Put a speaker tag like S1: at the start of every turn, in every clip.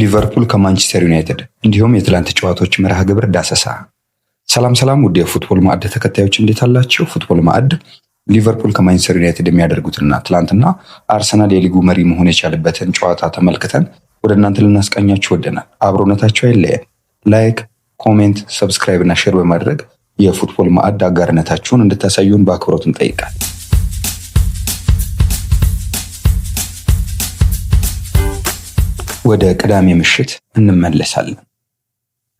S1: ሊቨርፑል ከማንቸስተር ዩናይትድ እንዲሁም የትላንት ጨዋታዎች መርሃ ግብር ዳሰሳ። ሰላም ሰላም፣ ውድ የፉትቦል ማዕድ ተከታዮች እንዴት አላችሁ? ፉትቦል ማዕድ ሊቨርፑል ከማንቸስተር ዩናይትድ የሚያደርጉትና ትላንትና አርሰናል የሊጉ መሪ መሆን የቻለበትን ጨዋታ ተመልክተን ወደ እናንተ ልናስቃኛችሁ ወደናል። አብሮነታቸው አይለየን። ላይክ፣ ኮሜንት፣ ሰብስክራይብ እና ሼር በማድረግ የፉትቦል ማዕድ አጋርነታችሁን እንድታሳዩን በአክብሮት እንጠይቃል። ወደ ቅዳሜ ምሽት እንመለሳለን።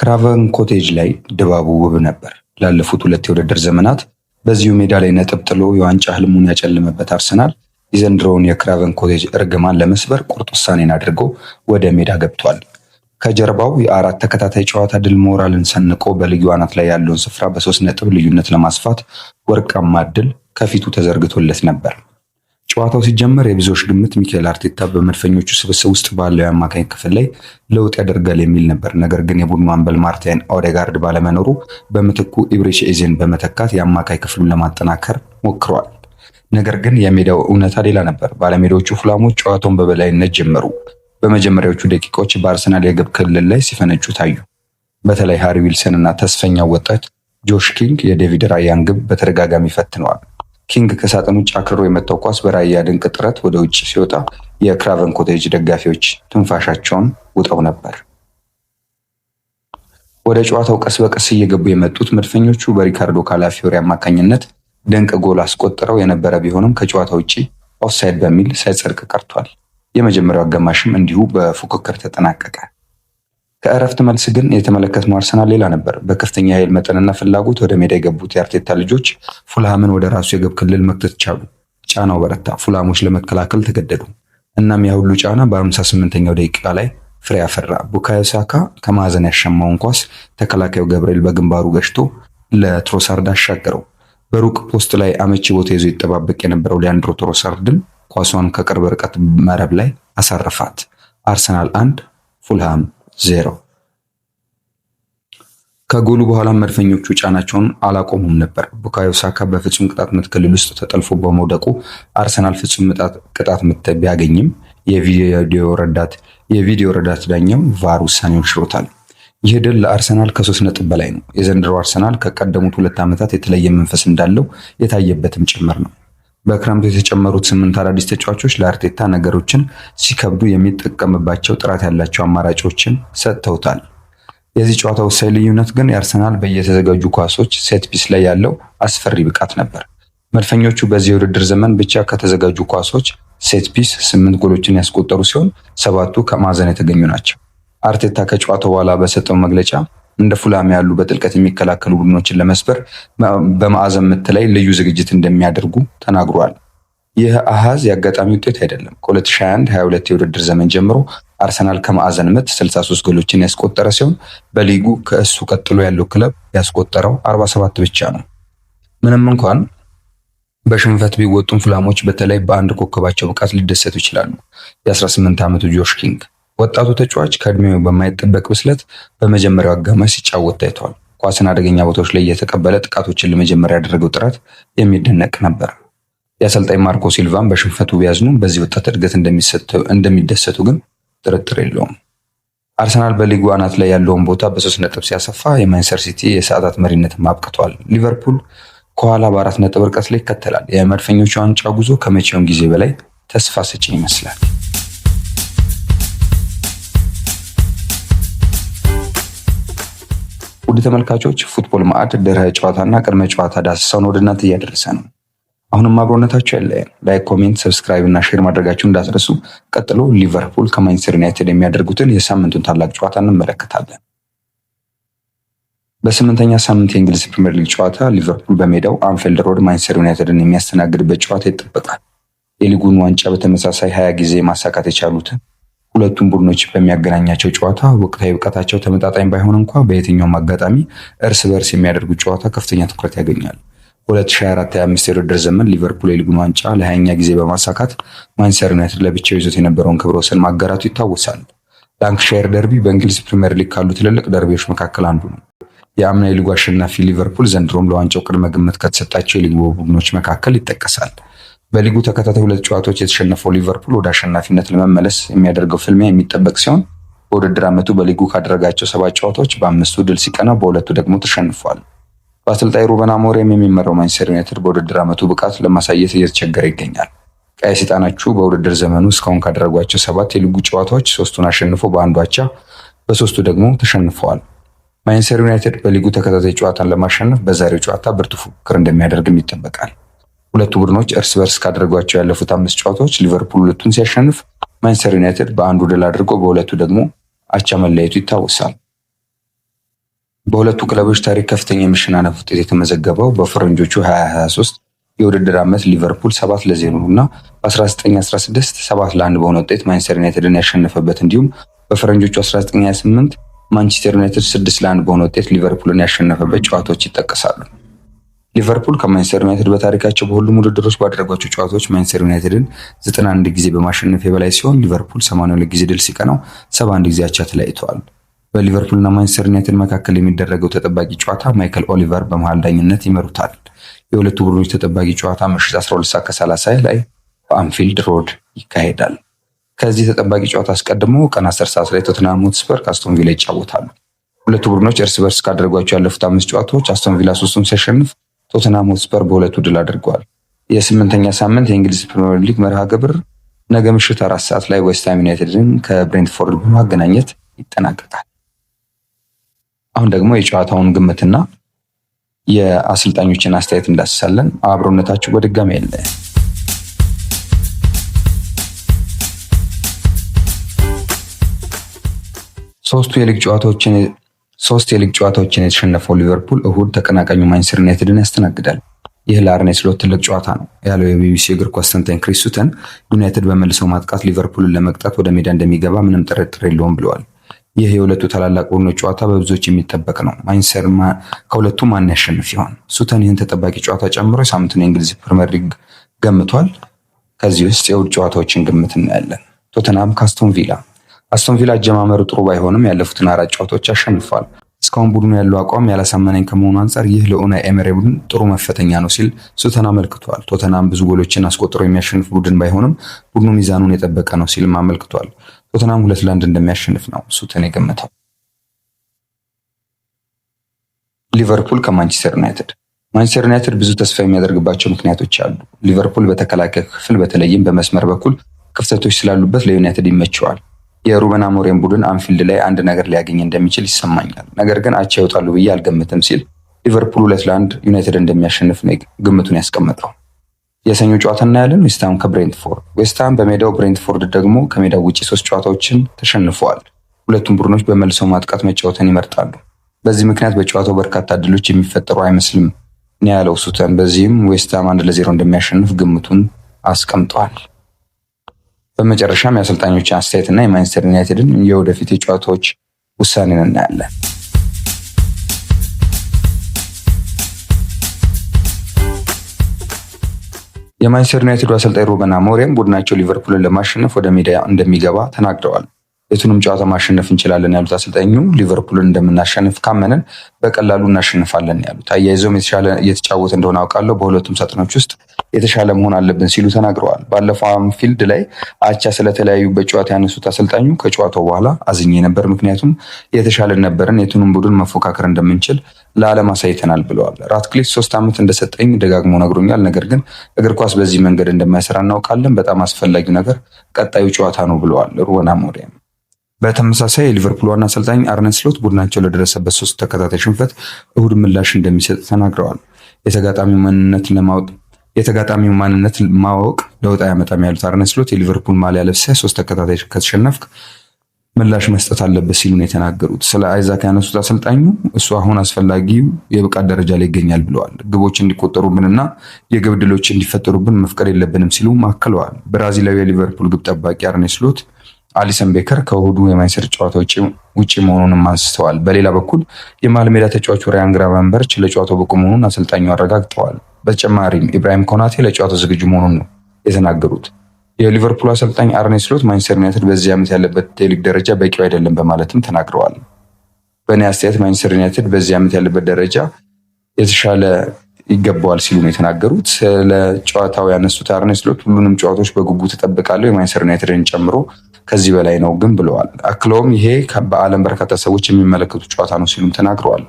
S1: ክራቨን ኮቴጅ ላይ ድባቡ ውብ ነበር። ላለፉት ሁለት የውድድር ዘመናት በዚሁ ሜዳ ላይ ነጥብ ጥሎ የዋንጫ ህልሙን ያጨልመበት አርሰናል የዘንድሮውን የክራቨን ኮቴጅ እርግማን ለመስበር ቁርጥ ውሳኔን አድርጎ ወደ ሜዳ ገብቷል። ከጀርባው የአራት ተከታታይ ጨዋታ ድል ሞራልን ሰንቆ በልዩ አናት ላይ ያለውን ስፍራ በሶስት ነጥብ ልዩነት ለማስፋት ወርቃማ እድል ከፊቱ ተዘርግቶለት ነበር። ጨዋታው ሲጀመር የብዙዎች ግምት ሚካኤል አርቴታ በመድፈኞቹ ስብስብ ውስጥ ባለው የአማካኝ ክፍል ላይ ለውጥ ያደርጋል የሚል ነበር። ነገር ግን የቡድኑ አምበል ማርቲን ኦዴጋርድ ባለመኖሩ በምትኩ ኢብሬች ኤዜን በመተካት የአማካይ ክፍሉን ለማጠናከር ሞክሯል። ነገር ግን የሜዳው እውነታ ሌላ ነበር። ባለሜዳዎቹ ፍላሞች ጨዋታውን በበላይነት ጀመሩ። በመጀመሪያዎቹ ደቂቃዎች በአርሰናል የግብ ክልል ላይ ሲፈነጩ ታዩ። በተለይ ሃሪ ዊልሰን እና ተስፈኛው ወጣት ጆሽ ኪንግ የዴቪድ ራያን ግብ በተደጋጋሚ ፈትነዋል። ኪንግ ከሳጥን ውጭ አክርሮ የመታው ኳስ በራያ ድንቅ ጥረት ወደ ውጭ ሲወጣ የክራቨን ኮቴጅ ደጋፊዎች ትንፋሻቸውን ውጠው ነበር። ወደ ጨዋታው ቀስ በቀስ እየገቡ የመጡት መድፈኞቹ በሪካርዶ ካላፊዮሪ አማካኝነት ድንቅ ጎል አስቆጥረው የነበረ ቢሆንም ከጨዋታ ውጭ ኦፍሳይድ በሚል ሳይጸድቅ ቀርቷል። የመጀመሪያው አጋማሽም እንዲሁ በፉክክር ተጠናቀቀ። ከእረፍት መልስ ግን የተመለከትነው አርሰናል ሌላ ነበር። በከፍተኛ የኃይል መጠንና ፍላጎት ወደ ሜዳ የገቡት የአርቴታ ልጆች ፉልሃምን ወደ ራሱ የግብ ክልል መክተት ቻሉ። ጫናው በረታ፣ ፉልሃሞች ለመከላከል ተገደዱ። እናም ያ ሁሉ ጫና በ58ኛው ደቂቃ ላይ ፍሬ ያፈራ። ቡካዮ ሳካ ከማዕዘን ያሸማውን ኳስ ተከላካዩ ገብርኤል በግንባሩ ገጭቶ ለትሮሳርድ አሻገረው። በሩቅ ፖስት ላይ አመቺ ቦታ ይዞ ይጠባበቅ የነበረው ሊያንድሮ ትሮሳርድን ኳሷን ከቅርብ ርቀት መረብ ላይ አሳረፋት። አርሰናል አንድ ፉልሃም ዜሮ። ከጎሉ በኋላ መድፈኞቹ ጫናቸውን አላቆሙም ነበር። ቡካዮ ሳካ በፍጹም ቅጣት ምት ክልል ውስጥ ተጠልፎ በመውደቁ አርሰናል ፍጹም ቅጣት ምት ቢያገኝም የቪዲዮ ረዳት ዳኛው ቫር ውሳኔውን ሽሮታል። ይህ ድል ለአርሰናል ከሶስት ነጥብ በላይ ነው። የዘንድሮ አርሰናል ከቀደሙት ሁለት ዓመታት የተለየ መንፈስ እንዳለው የታየበትም ጭምር ነው። በክረምቱ የተጨመሩት ስምንት አዳዲስ ተጫዋቾች ለአርቴታ ነገሮችን ሲከብዱ የሚጠቀምባቸው ጥራት ያላቸው አማራጮችን ሰጥተውታል። የዚህ ጨዋታ ወሳኝ ልዩነት ግን የአርሰናል በየተዘጋጁ ኳሶች ሴት ፒስ ላይ ያለው አስፈሪ ብቃት ነበር። መድፈኞቹ በዚህ የውድድር ዘመን ብቻ ከተዘጋጁ ኳሶች ሴት ፒስ ስምንት ጎሎችን ያስቆጠሩ ሲሆን ሰባቱ ከማዕዘን የተገኙ ናቸው። አርቴታ ከጨዋታው በኋላ በሰጠው መግለጫ እንደ ፉላም ያሉ በጥልቀት የሚከላከሉ ቡድኖችን ለመስበር በማዕዘን ምት ላይ ልዩ ዝግጅት እንደሚያደርጉ ተናግሯል። ይህ አሃዝ የአጋጣሚ ውጤት አይደለም። ከ2021 22 የውድድር ዘመን ጀምሮ አርሰናል ከማዕዘን ምት 63 ገሎችን ያስቆጠረ ሲሆን በሊጉ ከእሱ ቀጥሎ ያለው ክለብ ያስቆጠረው 47 ብቻ ነው። ምንም እንኳን በሽንፈት ቢወጡም ፍላሞች በተለይ በአንድ ኮከባቸው ብቃት ሊደሰቱ ይችላሉ። የ18 ዓመቱ ጆሽ ኪንግ ወጣቱ ተጫዋች ከእድሜው በማይጠበቅ ብስለት በመጀመሪያው አጋማሽ ሲጫወት ታይቷል። ኳስን አደገኛ ቦታዎች ላይ እየተቀበለ ጥቃቶችን ለመጀመር ያደረገው ጥረት የሚደነቅ ነበር። የአሰልጣኝ ማርኮ ሲልቫን በሽንፈቱ ቢያዝኑ በዚህ ወጣት እድገት እንደሚደሰቱ ግን ጥርጥር የለውም። አርሰናል በሊጉ አናት ላይ ያለውን ቦታ በሶስት ነጥብ ሲያሰፋ የማንቸስተር ሲቲ የሰዓታት መሪነት አብቅቷል። ሊቨርፑል ከኋላ በአራት ነጥብ ርቀት ላይ ይከተላል። የመድፈኞቹ ዋንጫ ጉዞ ከመቼውም ጊዜ በላይ ተስፋ ሰጪ ይመስላል። ውድ ተመልካቾች ፉትቦል ማዕድ ድረ ጨዋታና ቅድመ ጨዋታ ዳሰሳውን ወደ እናንተ እያደረሰ ነው። አሁንም አብሮነታችሁ ያለየን ላይክ፣ ኮሜንት፣ ሰብስክራይብ እና ሼር ማድረጋችሁን እንዳትረሱ። ቀጥሎ ሊቨርፑል ከማንቸስተር ዩናይትድ የሚያደርጉትን የሳምንቱን ታላቅ ጨዋታ እንመለከታለን። በስምንተኛ ሳምንት የእንግሊዝ ፕሪምየር ሊግ ጨዋታ ሊቨርፑል በሜዳው አንፊልድ ሮድ ማንቸስተር ዩናይትድን የሚያስተናግድበት ጨዋታ ይጠበቃል። የሊጉን ዋንጫ በተመሳሳይ ሀያ ጊዜ ማሳካት የቻሉትን ሁለቱም ቡድኖች በሚያገናኛቸው ጨዋታ ወቅታዊ ብቃታቸው ተመጣጣኝ ባይሆን እንኳ በየትኛውም አጋጣሚ እርስ በርስ የሚያደርጉት ጨዋታ ከፍተኛ ትኩረት ያገኛል። 2024/25 የውድድር ዘመን ሊቨርፑል የሊጉን ዋንጫ ለሀያኛ ጊዜ በማሳካት ማንቸስተር ዩናይትድ ለብቻው ይዞት የነበረውን ክብረ ወሰን ማጋራቱ ይታወሳል። ላንክሻየር ደርቢ በእንግሊዝ ፕሪምየር ሊግ ካሉ ትልልቅ ደርቢዎች መካከል አንዱ ነው። የአምና የሊጉ አሸናፊ ሊቨርፑል ዘንድሮም ለዋንጫው ቅድመ ግምት ከተሰጣቸው የሊጉ ቡድኖች መካከል ይጠቀሳል። በሊጉ ተከታታይ ሁለት ጨዋታዎች የተሸነፈው ሊቨርፑል ወደ አሸናፊነት ለመመለስ የሚያደርገው ፍልሚያ የሚጠበቅ ሲሆን በውድድር ዓመቱ በሊጉ ካደረጋቸው ሰባት ጨዋታዎች በአምስቱ ድል ሲቀና በሁለቱ ደግሞ ተሸንፏል። በአሰልጣኝ ሩበን አሞሪም የሚመራው ማንቸስተር ዩናይትድ በውድድር ዓመቱ ብቃት ለማሳየት እየተቸገረ ይገኛል። ቀይ ሰይጣኖቹ በውድድር ዘመኑ እስካሁን ካደረጓቸው ሰባት የሊጉ ጨዋታዎች ሶስቱን አሸንፎ በአንዱ አቻ፣ በሶስቱ ደግሞ ተሸንፈዋል። ማንቸስተር ዩናይትድ በሊጉ ተከታታይ ጨዋታን ለማሸነፍ በዛሬው ጨዋታ ብርቱ ፉክክር እንደሚያደርግም ይጠበቃል። ሁለቱ ቡድኖች እርስ በርስ ካደረጓቸው ያለፉት አምስት ጨዋታዎች ሊቨርፑል ሁለቱን ሲያሸንፍ ማንቸስተር ዩናይትድ በአንዱ ድል አድርጎ በሁለቱ ደግሞ አቻ መለያየቱ ይታወሳል። በሁለቱ ክለቦች ታሪክ ከፍተኛ የመሸናነፍ ውጤት የተመዘገበው በፈረንጆቹ 2023 የውድድር ዓመት ሊቨርፑል 7 ለ0 እና በ1916 7 ለ1 በሆነ ውጤት ማንቸስተር ዩናይትድን ያሸነፈበት እንዲሁም በፈረንጆቹ 1928 ማንቸስተር ዩናይትድ 6 ለ1 በሆነ ውጤት ሊቨርፑልን ያሸነፈበት ጨዋታዎች ይጠቀሳሉ። ሊቨርፑል ከማንቸስተር ዩናይትድ በታሪካቸው በሁሉም ውድድሮች ባደረጓቸው ጨዋታዎች ማንቸስተር ዩናይትድን 91 ጊዜ በማሸነፍ የበላይ ሲሆን ሊቨርፑል 82 ጊዜ ድል ሲቀናው 71 ጊዜ አቻ ተለያይተዋል። በሊቨርፑልና ማንቸስተር ዩናይትድ መካከል የሚደረገው ተጠባቂ ጨዋታ ማይክል ኦሊቨር በመሃል ዳኝነት ይመሩታል። የሁለቱ ቡድኖች ተጠባቂ ጨዋታ ምሽት 12 ሰዓት ከ30 ላይ በአንፊልድ ሮድ ይካሄዳል። ከዚህ ተጠባቂ ጨዋታ አስቀድሞ ቀን 10 ሰዓት ላይ ቶትናም ሆትስፐር ከአስቶን ቪላ ይጫወታሉ። ሁለቱ ቡድኖች እርስ በርስ ካደረጓቸው ያለፉት አምስት ጨዋታዎች አስቶን ቪላ ሶስቱን ሲያሸንፍ ቶተንሃም ሆትስፐር በሁለቱ ድል አድርገዋል። የስምንተኛ ሳምንት የእንግሊዝ ፕሪምየር ሊግ መርሃ ግብር ነገ ምሽት አራት ሰዓት ላይ ዌስትሃም ዩናይትድን ከብሬንትፎርድ በማገናኘት ይጠናቀቃል። አሁን ደግሞ የጨዋታውን ግምትና የአሰልጣኞችን አስተያየት እንዳስሳለን። አብሮነታችሁ በድጋሚ የለ ሶስቱ የሊግ ጨዋታዎችን ሶስት የሊግ ጨዋታዎችን የተሸነፈው ሊቨርፑል እሁድ ተቀናቃኙ ማንችስተር ዩናይትድን ያስተናግዳል። ይህ ለአርኔ ስሎት ትልቅ ጨዋታ ነው ያለው የቢቢሲ እግር ኳስ ተንታኝ ክሪስ ሱተን ዩናይትድ በመልሰው ማጥቃት ሊቨርፑልን ለመቅጣት ወደ ሜዳ እንደሚገባ ምንም ጥርጥር የለውም ብለዋል። ይህ የሁለቱ ታላላቅ ቡድኖች ጨዋታ በብዙዎች የሚጠበቅ ነው። ማንችስተር ከሁለቱ ማን ያሸንፍ ይሆን? ሱተን ይህን ተጠባቂ ጨዋታ ጨምሮ የሳምንቱን የእንግሊዝ ፕሪምየር ሊግ ገምቷል። ከዚህ ውስጥ የእሁድ ጨዋታዎችን ግምት እናያለን። ቶተናም ካስቶን ቪላ አስቶን ቪላ አጀማመሩ ጥሩ ባይሆንም ያለፉትን አራት ጨዋታዎች አሸንፏል። እስካሁን ቡድኑ ያለው አቋም ያላሳመነኝ ከመሆኑ አንጻር ይህ ለኡናይ ኤምሬ ቡድን ጥሩ መፈተኛ ነው ሲል ሱተን አመልክቷል። ቶተናም ብዙ ጎሎችን አስቆጥሮ የሚያሸንፍ ቡድን ባይሆንም ቡድኑ ሚዛኑን የጠበቀ ነው ሲልም አመልክቷል። ቶተናም ሁለት ለአንድ እንደሚያሸንፍ ነው ሱተን የገመተው። ሊቨርፑል ከማንቸስተር ዩናይትድ ማንቸስተር ዩናይትድ ብዙ ተስፋ የሚያደርግባቸው ምክንያቶች አሉ። ሊቨርፑል በተከላካይ ክፍል በተለይም በመስመር በኩል ክፍተቶች ስላሉበት ለዩናይትድ ይመቸዋል። የሩበን አሞሬን ቡድን አንፊልድ ላይ አንድ ነገር ሊያገኝ እንደሚችል ይሰማኛል፣ ነገር ግን አቻ ይወጣሉ ብዬ አልገምትም ሲል ሊቨርፑል ሁለት ለአንድ ዩናይትድ እንደሚያሸንፍ ነው ግምቱን ያስቀመጠው። የሰኞ ጨዋታ እናያለን፣ ዌስትሃም ከብሬንትፎርድ። ዌስትሃም በሜዳው ብሬንትፎርድ ደግሞ ከሜዳው ውጭ ሶስት ጨዋታዎችን ተሸንፈዋል። ሁለቱም ቡድኖች በመልሰው ማጥቃት መጫወትን ይመርጣሉ። በዚህ ምክንያት በጨዋታው በርካታ እድሎች የሚፈጠሩ አይመስልም ነው ያለው ሱተን። በዚህም ዌስትሃም አንድ ለዜሮ እንደሚያሸንፍ ግምቱን አስቀምጠዋል። በመጨረሻም የአሰልጣኞች እና የማንቸስተር ዩናይትድን የወደፊት የጨዋታዎች ውሳኔን እናያለን። የማንቸስተር ዩናይትዱ አሰልጣኝ ሩበን አሞሪም ቡድናቸው ሊቨርፑልን ለማሸነፍ ወደ ሜዳ እንደሚገባ ተናግረዋል። የቱንም ጨዋታ ማሸነፍ እንችላለን ያሉት አሰልጣኙ ሊቨርፑልን እንደምናሸንፍ ካመንን በቀላሉ እናሸንፋለን ያሉት፣ አያይዘውም የተሻለ እየተጫወተ እንደሆነ አውቃለሁ፣ በሁለቱም ሳጥኖች ውስጥ የተሻለ መሆን አለብን ሲሉ ተናግረዋል። ባለፈው አንፊልድ ላይ አቻ ስለተለያዩ በጨዋታ ያነሱት አሰልጣኙ ከጨዋታው በኋላ አዝኜ ነበር፣ ምክንያቱም የተሻለን ነበርን፣ የቱንም ቡድን መፎካከር እንደምንችል ለዓለም አሳይተናል ብለዋል። ራትክሊፍ ሶስት ዓመት እንደሰጠኝ ደጋግሞ ነግሮኛል። ነገር ግን እግር ኳስ በዚህ መንገድ እንደማይሰራ እናውቃለን። በጣም አስፈላጊው ነገር ቀጣዩ ጨዋታ ነው ብለዋል ሩበን አሞሪም በተመሳሳይ የሊቨርፑል ዋና አሰልጣኝ አርነ ስሎት ቡድናቸው ለደረሰበት ሶስት ተከታታይ ሽንፈት እሁድ ምላሽ እንደሚሰጥ ተናግረዋል። የተጋጣሚው ማንነት ማወቅ ለውጥ አያመጣም ያሉት አርነ ስሎት የሊቨርፑል ማሊያ ለብሰህ ሶስት ተከታታይ ከተሸነፍክ ምላሽ መስጠት አለበት ሲሉ ነው የተናገሩት። ስለ አይዛክ ያነሱት አሰልጣኙ እሱ አሁን አስፈላጊው የብቃት ደረጃ ላይ ይገኛል ብለዋል። ግቦች እንዲቆጠሩብንና የግብ ድሎች እንዲፈጠሩብን መፍቀድ የለብንም ሲሉ አክለዋል። ብራዚላዊ የሊቨርፑል ግብ ጠባቂ አርኔ ስሎት አሊሰን ቤከር ከእሁዱ የማንቸስተር ጨዋታ ውጭ መሆኑንም አንስተዋል። በሌላ በኩል የመሃል ሜዳ ተጫዋቹ ራያን ግራቨንበርች ለጨዋታው ብቁ መሆኑን አሰልጣኙ አረጋግጠዋል። በተጨማሪም ኢብራሂም ኮናቴ ለጨዋታው ዝግጁ መሆኑን ነው የተናገሩት። የሊቨርፑል አሰልጣኝ አርኔ ስሎት ማንችስተር ዩናይትድ በዚህ ዓመት ያለበት የሊግ ደረጃ በቂው አይደለም በማለትም ተናግረዋል። በእኔ አስተያየት ማንቸስተር ዩናይትድ በዚህ ዓመት ያለበት ደረጃ የተሻለ ይገባዋል ሲሉ ነው የተናገሩት። ስለ ጨዋታው ያነሱት አርኔ ስሎት ሁሉንም ጨዋታዎች በጉጉት እጠብቃለሁ፣ የማንቸስተር ዩናይትድን ጨምሮ ከዚህ በላይ ነው ግን ብለዋል። አክለውም ይሄ በዓለም በርካታ ሰዎች የሚመለከቱ ጨዋታ ነው ሲሉም ተናግረዋል።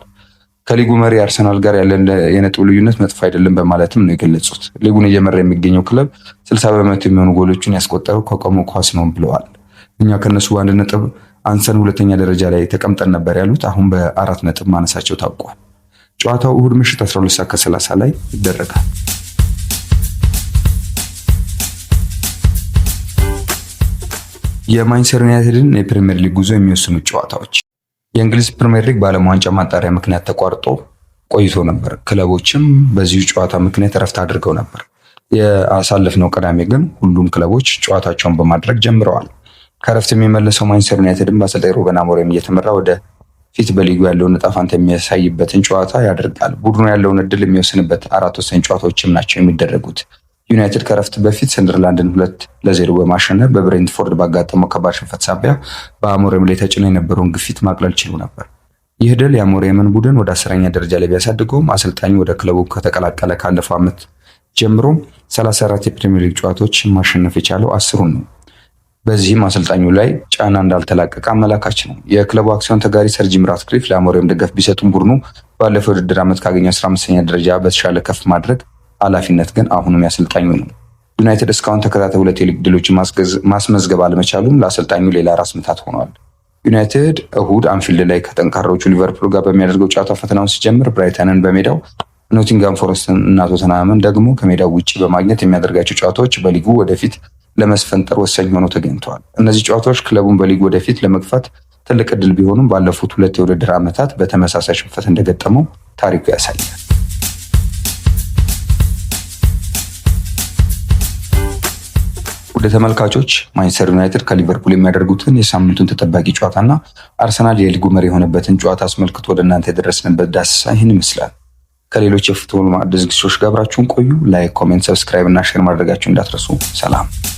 S1: ከሊጉ መሪ አርሰናል ጋር ያለን የነጥብ ልዩነት መጥፎ አይደለም በማለትም ነው የገለጹት። ሊጉን እየመራ የሚገኘው ክለብ ስልሳ በመቶ የሚሆኑ ጎሎችን ያስቆጠረው ከቆመ ኳስ ነው ብለዋል። እኛ ከነሱ በአንድ ነጥብ አንሰን ሁለተኛ ደረጃ ላይ ተቀምጠን ነበር ያሉት አሁን በአራት ነጥብ ማነሳቸው ታውቋል። ጨዋታው እሁድ ምሽት 12 ሰዓት ከ30 ላይ ይደረጋል። የማንቸስተር ዩናይትድን የፕሪምየር ሊግ ጉዞ የሚወስኑ ጨዋታዎች። የእንግሊዝ ፕሪምየር ሊግ በዓለም ዋንጫ ማጣሪያ ምክንያት ተቋርጦ ቆይቶ ነበር። ክለቦችም በዚሁ ጨዋታ ምክንያት እረፍት አድርገው ነበር። የአሳለፍነው ቅዳሜ ግን ሁሉም ክለቦች ጨዋታቸውን በማድረግ ጀምረዋል። ከእረፍት የሚመለሰው ማንቸስተር ዩናይትድን በአሰልጣኝ ሩበን አሞሪም እየተመራ ወደ ፊት በሊጉ ያለውን ዕጣ ፈንታ የሚያሳይበትን ጨዋታ ያደርጋል። ቡድኑ ያለውን እድል የሚወስንበት አራት ወሳኝ ጨዋታዎችም ናቸው የሚደረጉት። ዩናይትድ ከረፍት በፊት ሰንደርላንድን ሁለት ለዜሮ በማሸነፍ በብሬንትፎርድ ባጋጠመው ከባድ ሽንፈት ሳቢያ በአሞሬም ላይ ተጭኖ የነበረውን ግፊት ማቅለል ችሉ ነበር። ይህ ድል የአሞሬምን ቡድን ወደ አስረኛ ደረጃ ላይ ቢያሳድገውም አሰልጣኙ ወደ ክለቡ ከተቀላቀለ ካለፈው ዓመት ጀምሮ 34 የፕሪሚየር ሊግ ጨዋታዎች ማሸነፍ የቻለው አስሩን ነው። በዚህም አሰልጣኙ ላይ ጫና እንዳልተላቀቀ አመላካች ነው። የክለቡ አክሲዮን ተጋሪ ሰር ጂም ራትክሊፍ ለአሞሬም ድጋፍ ቢሰጡም ቡድኑ ባለፈው ውድድር ዓመት ካገኘው 15ኛ ደረጃ በተሻለ ከፍ ማድረግ ኃላፊነት ግን አሁንም ያሰልጣኙ ነው። ዩናይትድ እስካሁን ተከታታይ ሁለት የሊግ ድሎችን ማስመዝገብ አለመቻሉም ለአሰልጣኙ ሌላ ራስ ምታት ሆኗል። ዩናይትድ እሁድ አንፊልድ ላይ ከጠንካራዎቹ ሊቨርፑል ጋር በሚያደርገው ጨዋታ ፈተናውን ሲጀምር ብራይተንን በሜዳው ኖቲንጋም ፎረስትን እና ቶተናምን ደግሞ ከሜዳው ውጭ በማግኘት የሚያደርጋቸው ጨዋታዎች በሊጉ ወደፊት ለመስፈንጠር ወሳኝ ሆነው ተገኝተዋል። እነዚህ ጨዋታዎች ክለቡን በሊጉ ወደፊት ለመግፋት ትልቅ እድል ቢሆኑም ባለፉት ሁለት የውድድር ዓመታት በተመሳሳይ ሽንፈት እንደገጠመው ታሪኩ ያሳያል። ውድ ተመልካቾች ማንቸስተር ዩናይትድ ከሊቨርፑል የሚያደርጉትን የሳምንቱን ተጠባቂ ጨዋታና አርሰናል የሊጉ መሪ የሆነበትን ጨዋታ አስመልክቶ ወደ እናንተ የደረስንበት ዳስሳ ይህን ይመስላል። ከሌሎች የፉትቦል ማዕድ ዝግጅቶች ቆዩ። ላይክ፣ ኮሜንት፣ ሰብስክራይብ እና ሼር ማድረጋችሁ እንዳትረሱ። ሰላም